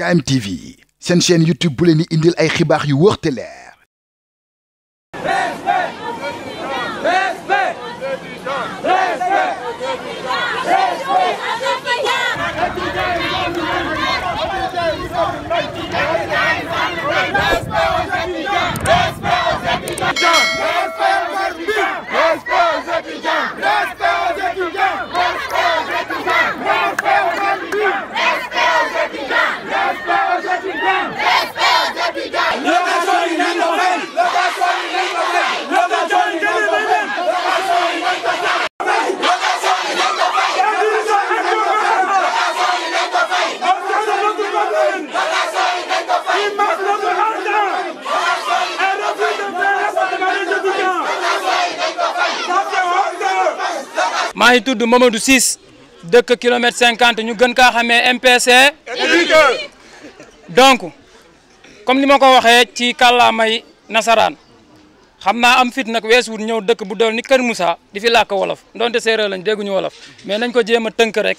KMTV seen chaîne YouTube bu leen di indil ay xibaar yu wóor te leer maa ngi tudd Mamadou Ciss dëkk kilomètre cinquante ñu gën kaa xamee MPC. donc comme ni ma ko waxee ci kàllaamay nasaraan xam naa am fit nag weesuwut ñëw dëkk bu dool ni Kër Moussa di fi làkk wolof ndonte séeréer lañ dégguñu wolof mais nañ ko jéem a tënk rek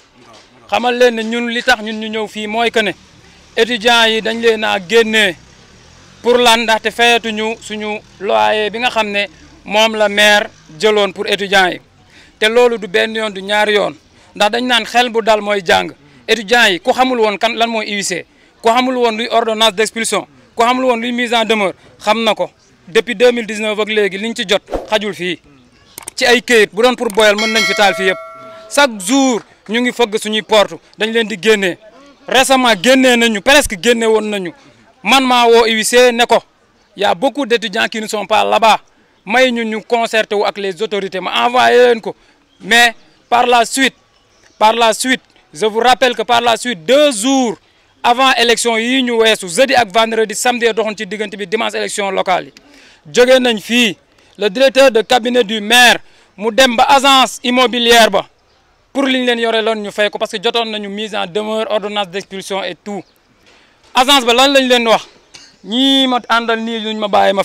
xamal leen ne ñun li tax ñun ñu ñëw fii mooy que ne étudiants yi dañ leen a génnee pour lan ndaxte fayatuñu suñu loyer bi nga xam ne moom la maire jëloon pour étudiants yi. té loolu du ben yoon du ñaar yoon ndax dañ naan xel bu dal moy jang étudiant yi ku xamul won kan lan moy UIC ku xamul won luy ordonnance d'expulsion ku xamul won luy mise en demeure xam nako depuis 2019 ak léegi liñ ci jot xajul fi ci ay keuyit bu don pour boyal mën nañ fi tal fi yëpp chaque jour ñu ngi fëgg suñuy porte dañ leen di génné récemment génné nañu presque génné won nañu man ma wo UIC ne ko y a beaucoup d'étudiants qui ne sont pas là-bas nous ñun avec concerté avec les autorités ma envoyé mais par la suite par la suite je vous rappelle que par la suite deux jours avant élection jeudi vendredi samedi doxoon ci dimanche élection locale yi le directeur de cabinet du maire mu dem ba agence immobilière pour li parce que mise en demeure ordonnance d'expulsion et tout agence ba avons lañ leen wax a ma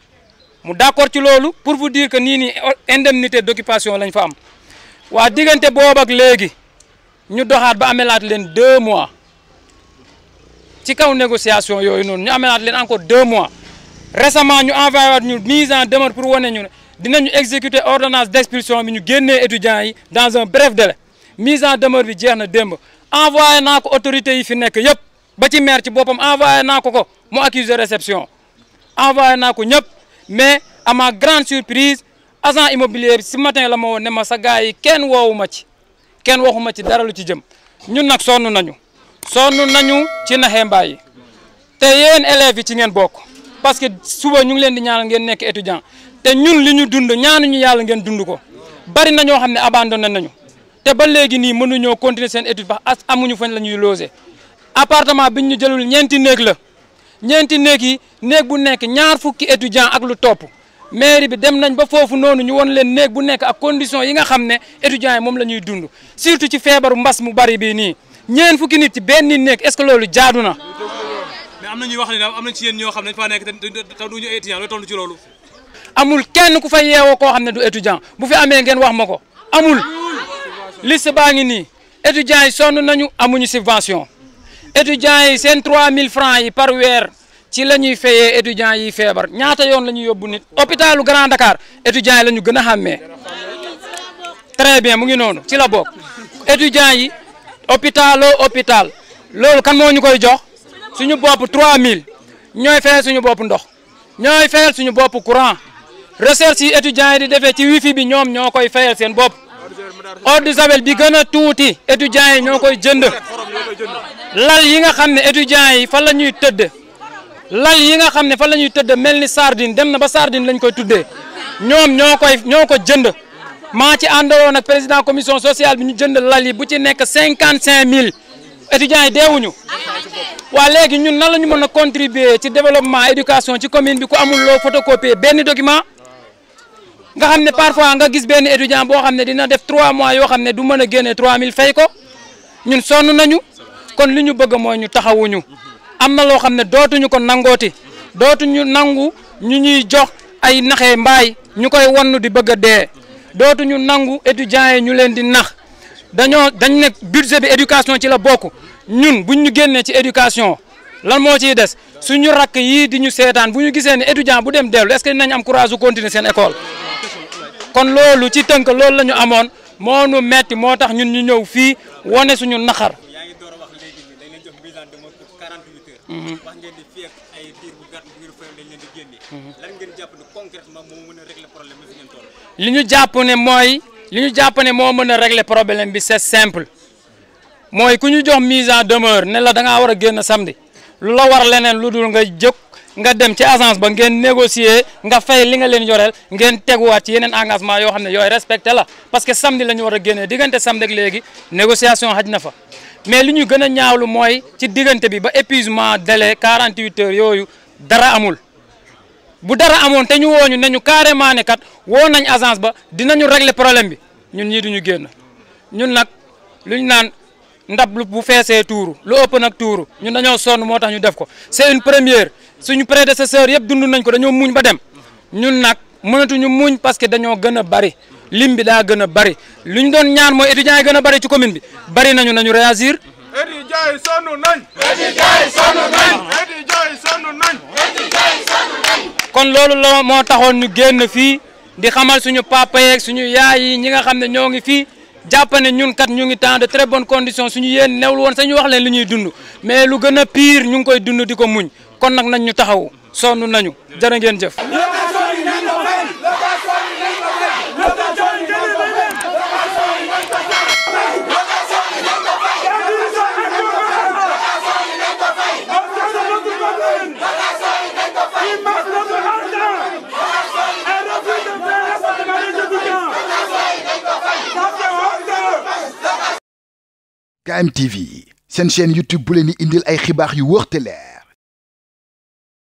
mu d'accord ci loolu pour vous dire que nii indemnité d'occupation lañ fa am waa diggante boobu ak léegi ñu doxaat ba amelaat leen deux mois ci kaw négociation yooyu noonu ñu amelaat leen encore deux mois récemment ñu envoyé waat ñu mise en demeure pour wane ñu ne dinañu exécuter ordonnance d'expulsion bi ñu génnee étudiants yi dans un bref délai mise en demeure bi jeex na démb envoyé naa ko autorités yi fi nekk yëpp ba ci maire ci boppam envoyé naa ko ko mu accusé réception envoyé naa ko ñëpp. mais ama ma grande surprise agent immobilier bi si matin la ma woon ne ma sa yi kenn woowu ma ci kenn waxu ma ci dara lu ci jëm ñun nag sonn nañu sonn nañu ci na mbaay te yéen élèves yi ci ngeen bokk parce que suba ñu ngi leen di ñaanal ngeen nekk étudiant te ñun li ñu dund ñu yàlla ngeen dund ko bari na ñoo xam ne abandonné nañu te ba léegi nii mënuñoo continuer seen étude ba amuñu fañ la ñuy loger appartement biñ ñu jëlul ñeenti néeg la. ñeenti néeg yi néeg bu nekk ñaar fukki étudiant ak lu topp mairie bi dem nañ ba foofu noonu ñu won leen néeg bu nekk ak condition yi nga xam ne étudiants moom la ñuy dund surtout ci feebaru mbas mu bari bii nii ñeen fukki nit ci benn néeg est-ce que loolu jaadu na. mais am wax ne am na ci yéen ñoo xam ne dañ faa nekk te duñu ay étudiants looy tontu ci amul kenn ku fa yeewoo koo xam ne du étudiant bu fi amee ngeen wax ma ko amul liste baa ngi nii étudiants yi sonn nañu amuñu subvention. étudiants yi seen mille francs yi par weer ci la ñuy fayee étudiants yi feebar ñaata yoon la ñuy yóbbu nit hôpitalu Grand Dakar étudiants yi la ñu gën a xàmmee très bien mu ngi noonu ci la bokk étudiants yi hôpital hôpital loolu kan moo ñu koy jox suñu bopp mille ñooy fayal suñu boppu ndox ñooy fayal suñu boppu courant recherche yi étudiants yi di defee ci wifi bi ñoom ñoo koy fayal seen bopp eau de javel bi gën a tuuti étudiants yi ñoo koy jënd. lal yi nga xam ne étudiants yi fan la ñuy tëdd lal yi nga xam ne fan la ñuy tëdd mel ni sardine dem na ba sardine lañ koy tuddee ñoom ñoo koy ñoo ko jënd maa ci àndaloon ak président commission sociale bi ñu jënd lal yi bu ci nekk cinquante cinq mille étudiants yi deewuñu waa léegi ñun nan la ñu mën a contribuer ci développement éducation ci commune bi ku amul loo photocopier benn document nga xam ne parfois nga gis benn étudiant boo xam ne dina def trois mois yoo xam ne du mën a génne trois mille fay ko ñun sonn nañu. kon li ñu bëgg moy ñu taxawuñu am na loo xam ne dootuñu ko nangooti dootuñu nangu ñu ñuy jox ay naxé mbaay ñukoy wonnu di bëgg dé dee dootuñu nangu étudiant yi ñu leen di nax daño dañ ne budget bi éducation ci la bokku ñun buñu génné ci éducation lan mo ci des suñu rak yi di ñu sétan bu gisé gisee étudiant bu dem dellu est-ce nañ am courage su continuer sen école kon lolu ci teunk lolu lañu amone mo nu metti motax ñun ñu ñew fi wane suñu naxar Mhm. wax ngeen di fii ak ay diir bu gàtt bu fayal dañ ne mhm. moo li ñu jàpp ne mooy li ñu jàpp ne moo mën a régler problème bi c'est simple mooy ku ñu jox mise en demeure ne la da ngaa war a génn samedi lu la war leneen lu dul nga jóg nga dem ci agence ba ngeen négocier nga fay li nga leen yoreel ngeen teguwaat ci yeneen engagement yoo xam ne yooyu respecté la parce que samedi la ñu war a génnee diggante samedi ak léegi négociation xaj na fa. mais li ñu gën a ñaawlu mooy ci diggante bi ba épuisement délai 48 heures yooyu dara amul bu dara amoon te ñu wooñu ne ñu carrément ne kat woo nañ agence ba dinañu régler problème bi ñun ñii duñu génn ñun nag ñu naan ndab lu bu feesee tuuru lu ëpp nag tuuru ñun dañoo sonn moo tax ñu def ko c'est une première suñu prédécesseur yëpp dund nañ ko dañoo muñ ba dem ñun nag mënatuñu muñ parce que dañoo gën a bari lim bi daa gën a bari lu ñu doon ñaan mooy étudiants yi gën a bari ci commune bi bari nañu nañu réagir. étudiants yi sonn nañ. étudiants yi sonn nañ. kon loolu la moo taxoon ñu génn fii di xamal suñu papa yeeg suñu yaay yi ñi nga xam ne ñoo ngi fii. jàpp ne ñun kat ñu ngi temps de très bonnes conditions suñu yéen newul woon sañu wax leen li ñuy dund mais lu gën a pire ñu ngi koy dund di ko muñ kon nag nañ ñu taxaw sonn nañu jërë jëf KMTV seen chaîne YouTube bu leen di indil ay xibaar yu wóor te